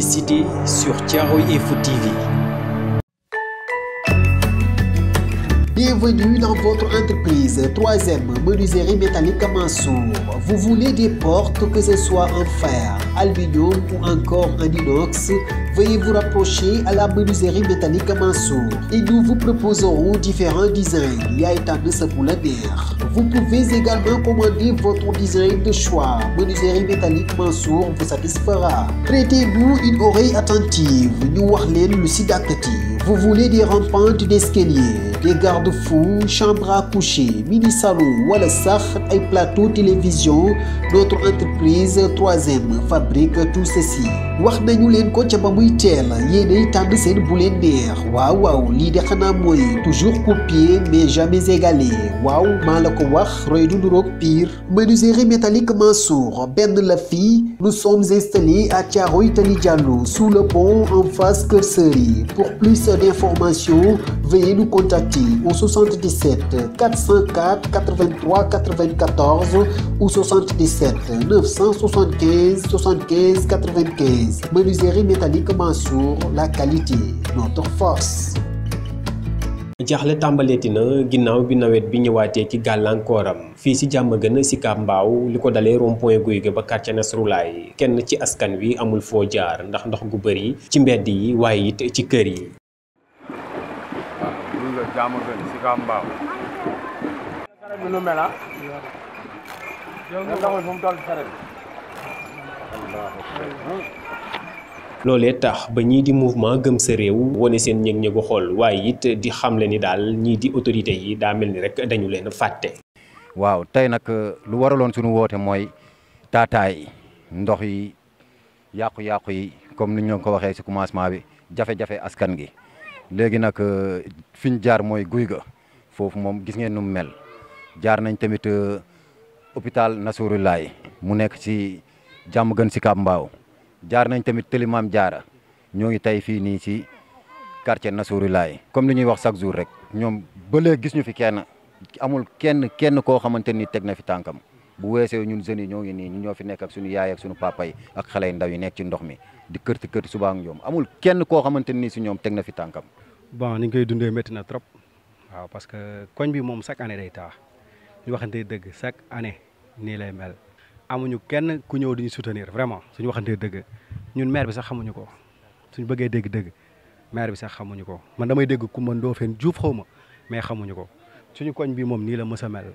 sur Tiaroy Info Bienvenue dans votre entreprise 3M Menuiserie Métallique Mansour. Vous voulez des portes, que ce soit en fer, aluminium ou encore en inox veuillez vous rapprocher à la menuiserie métallique Mansour et nous vous proposerons différents designs liés à de pour la mer. Vous pouvez également commander votre design de choix. Menuiserie métallique Mansour vous satisfera. prêtez vous une oreille attentive. Nous warlen le actif. Vous voulez des rampantes d'escalier, des garde-fous, chambres à coucher, mini-salon, wala et plateau télévision notre entreprise troisième fabrique tout ceci nañu muy teel yéenay tànn seen bu leen neex waaw waaw lii de xanaa mooy toujours copier mais jamais égalé waaw maa la ko wax roy du nuroog pire. menuiserie métallique Mansour benn la fii nous sommes installés à Tiaro Tally Diallo sous le pont en face de série. pour plus d'informations veuillez nous contacter au 77 404 83 94 ou 77 975 75 95. Menuiserie métallique Mansour, la qualité, notre force. jaaxle tàmbaleeti na ginnaaw bi nawet bi ñëwaatee ci gàllankooram fii si jàmm gën li rond point guy ba quartier Nasroulaye kenn ci askan wi amul foo jaar ndax ndox gu ci yi ci kër jaamu gën si ka mbaaw saret tax ba ñii di mouvement gëm sa réew wone seen ñëg-ñëgu xool waaye it di xamle ni daal ñii di autorité yi daa mel ni rek dañu leen fàtte. waaw tey nag euh, lu waraloon sunu woote mooy taataay ndox yi yàqu-yàqu yi comme ni ñu ko waxee si commencement bi jafe-jafe askan gi. léegi nag euh, fi ñu jaar mooy guy ga foofu moom gis ngeen nu mu mel jaar nañ tamit euh, hôpital Nassourulaay mu nekk si jàmm gën si Kaab Mbaaw jaar nañ tamit Tëlimaam Jaara ñoo ngi tey fii nii ci quartier Nassourulaay comme li ñuy wax chaque jour rek ñoom ba léegi gis ñu fi kenn amul kenn kenn koo xamante ni teg na fi tànkam bu weesee ñun jeunes yi ñoo ngi nii ñu ñoo fi nekk ak suñu yaay ak suñu papa yi ak xale yu ndaw yi nekk ci ndox mi di kërti kërti subaa ak ñoom amul kenn koo xamante ni si ñoom teg na fi tànkam bon ni koy dundee métti na trop waaw parce que koñ bi moom chaque année day taa ñu waxantee dëgg chaque année nii lay mel amuñu kenn ku ñëw diñu soutenir vraiment suñu waxantee dëgg ñun maire bi sax xamuñu ko suñu bëggee dégg maire bi sax xamuñu ko man damay dégg ku ma Ndofène xaw ma mais xamuñu ko suñu koñ bi moom nii la mës a mel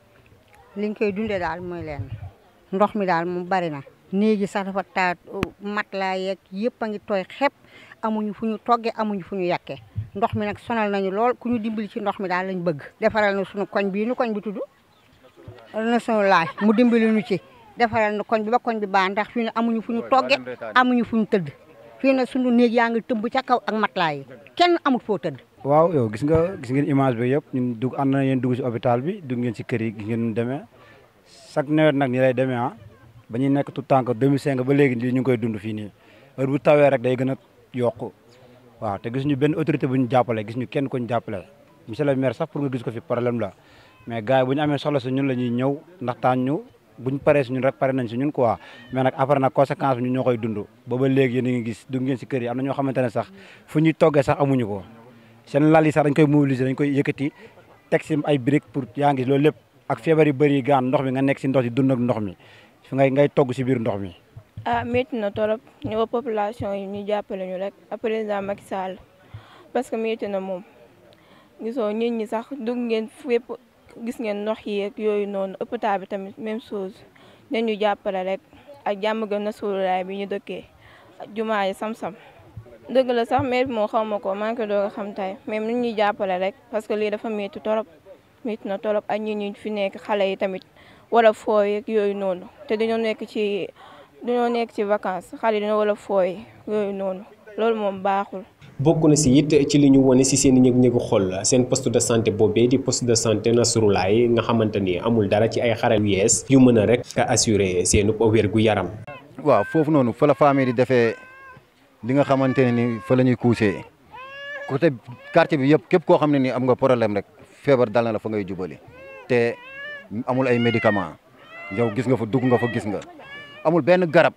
liñ koy dundee daal mooy leen ndox mi daal moom bari na néegi sax dafa taa mat laa yeg yëpp a ngi tooy xepp amuñu fu ñu toggee amuñu fu ñu yàkkee ndox mi nag sonal nañu lool ku ñu dimbali ci ndox mi daal lañ bëgg defaral na suñu koñ bii nu koñ bi tudd na suñu laaj mu dimbali ñu ci defaral na koñ bi ba koñ bi baa ndax fi ñu fu ñu toggee amuñu fu ñu tëdd fi na sunu neeg yaa ngi tëmb ca kaw ak matelas kenn amul foo tëdd waaw yow gis nga gis ngeen image bi yëpp ñun dug ànd na yéen dugg si hôpital bi dugg ngeen si kër yi gis ngeen ñu demee chaque nawet nag ni lay demee ah ba ñuy nekk tout temps que 2005 ba léegi lii ñu koy dund fii nii heure bu tawee rek day gën a yokku waaw te gis ñu benn autorité bu ñu jàppale gis ñu kenn ko ñu jàppale monsieur le maire sax pour nga gis ko fi problème la mais gars yi bu ñu amee soxla si ñun la ñuy ñëw taan ñu buñ paree si ñun rek pare nañ si ñun quoi mais nag après nag conséquence bi ñu ñoo koy ba ba léegi yéen a ngi gis dugg si kër am na ñoo xamante sax fu toggee sax amuñu ko seen lal sax dañ koy mobiliser gis ngeen nox yi ak yooyu noonu hôpital bi tamit même chose nañu jàppale rek ak jàmm gën na suulaay bi ñu dëkkee jumaa yi sam-sam dëgg la sax maire bi moo xaw ma ko maa ngi ko doog a xam tey ñuy jàppale rek parce que lii dafa métti torop métti na torop ak ñi ñu fi nekk xale yi tamit war a fooy yooyu noonu te dañoo nekk ci dañoo nekk ci vacances xale yi dañoo war a fooy yooyu noonu loolu moom baaxul bokk na si it ci li ñu wane si seen ñëg-ñëgu xol seen poste de santé boobee di poste de santé Nasroulaye nga xamante ni amul dara ci ay xaral yu yees yu mën a rek assurer seen wér-gu-yaram. waaw foofu noonu fa la famille di defee li nga xamante ne ni fa la ñuy couché côté quartier bi yëpp képp koo xam ne nii am nga problème rek feebar dal na la fa ngay jubale te amul ay médicament yow gis nga fa dugg nga fa gis nga amul benn garab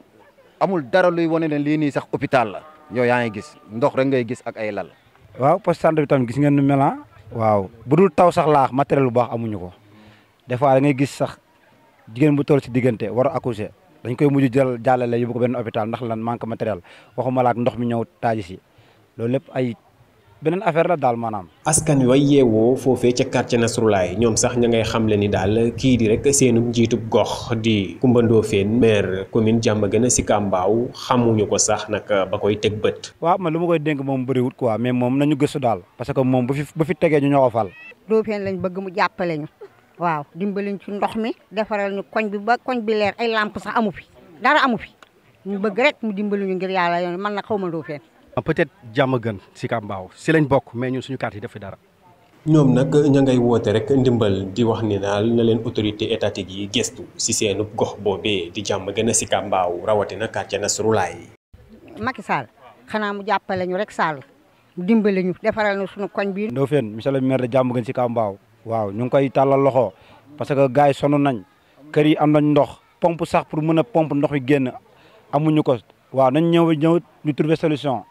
amul dara luy wane ne lii sax hôpital la. yow yaa ngi gis ndox rek ngay gis ak ay lal. waaw poste santé bi tam gis ngeen nu mela ah. waaw bu dul taw sax laax matériel bu baax amuñu ko des fois da ngay gis sax jigéen bu toll si diggante war a accoucher dañ koy mujj jël jàllale yóbbu ko benn hôpital ndax lan manque matériel waxuma la ak ndox mi ñëw taaji si loolu lépp ay benen affaire la dal manam askan waye wo fofé ci quartier nasroulay ñom sax ña ngay xamle ni dal ki di rek senu jitu gox di kumbando fen maire commune jamba gëna ci kambaaw xamu ñu ko sax nak ba koy teg bët. waaw man lu ma koy dénk moom bëriwut quoi mais mom nañu gëssu dal parce que mom bu fi bu fi tegee ñu ñoo ko fal. Ndoffène lañ bëgg mu jappalé ñu. waaw dimbaliñ ci ndox mi défaral ñu koñ bi ba koñ bi leer ay lampe sax amu fi dara amu fi ñu bëgg rek mu dimbali ñu ngir yalla yoon man nag xawma do fen peut-être jàmm gën si Kambaaw si lañ mais ñun suñu carte dara. ña ngay rek ndimbal di wax ni daal na leen autorité étatique yi gestu seenu gox di jàmm gën a si Kambaaw rawatina quartier Nasroulaye yi. Macky Sall xanaa mu jàppale ñu rek Sall dimbale ñu defaral ñu suñu koñ bii. Ndofène monsieur le maire de jàmm gën si Kambaaw waaw ñu koy tàllal loxo parce que gars yi nañ kër yi am nañ ndox pompe sax pour pompe ndox yi génn amuñu ko waaw nañ ñëw ñëw ñu trouver solution.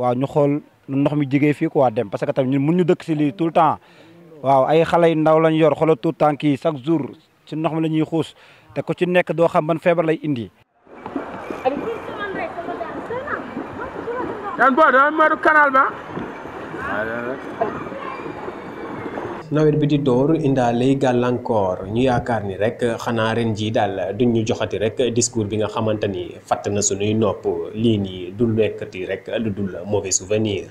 waaw ñu xool ndox mi jigee fii quoi dem parce que tamit ñun mun ñu dëkk si lii tout le temps waaw ay xale yu ndaw lañ yor xoolal tout temps kii chaque jour ci ndox mi la ñuy xuus te ku ci nekk doo xam ban feebar lay indi. nawet bi di door indaaley gàllankoor ñu yaakaar ni rek xanaa ren jii daal duñ ñu joxati rek discours bi nga xamante ni fàtt na suñuy nopp lii nii dul nekkati rek lu dul mauvais souvenir